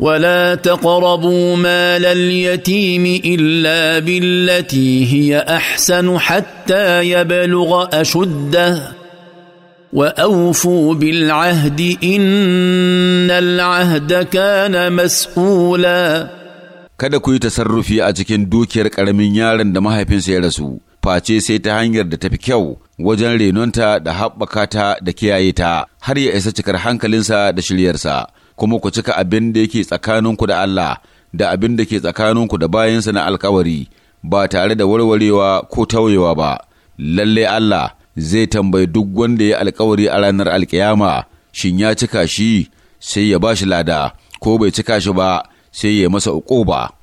ولا تقربوا مال اليتيم الا بالتي هي احسن حتى يبلغ اشده واوفوا بالعهد ان العهد كان مسؤولا kada ku yi tasarrufi a cikin dukiyar ƙaramin yaron da mahaifinsa ya rasu face sai ta hanyar da tafi kyau wajen renonta da haɓaka ta da kiyaye ta har ya isa cikar hankalinsa da shiryarsa kuma ku cika abin da yake tsakaninku da Allah da abin da ke tsakaninku da bayansa na alkawari ba tare da warwarewa ko tauyewa ba lalle Allah zai tambayi duk wanda ya alkawari a ranar alkiyama shin ya cika shi sai ya ba shi lada ko bai cika shi ba sai ya masa uku ba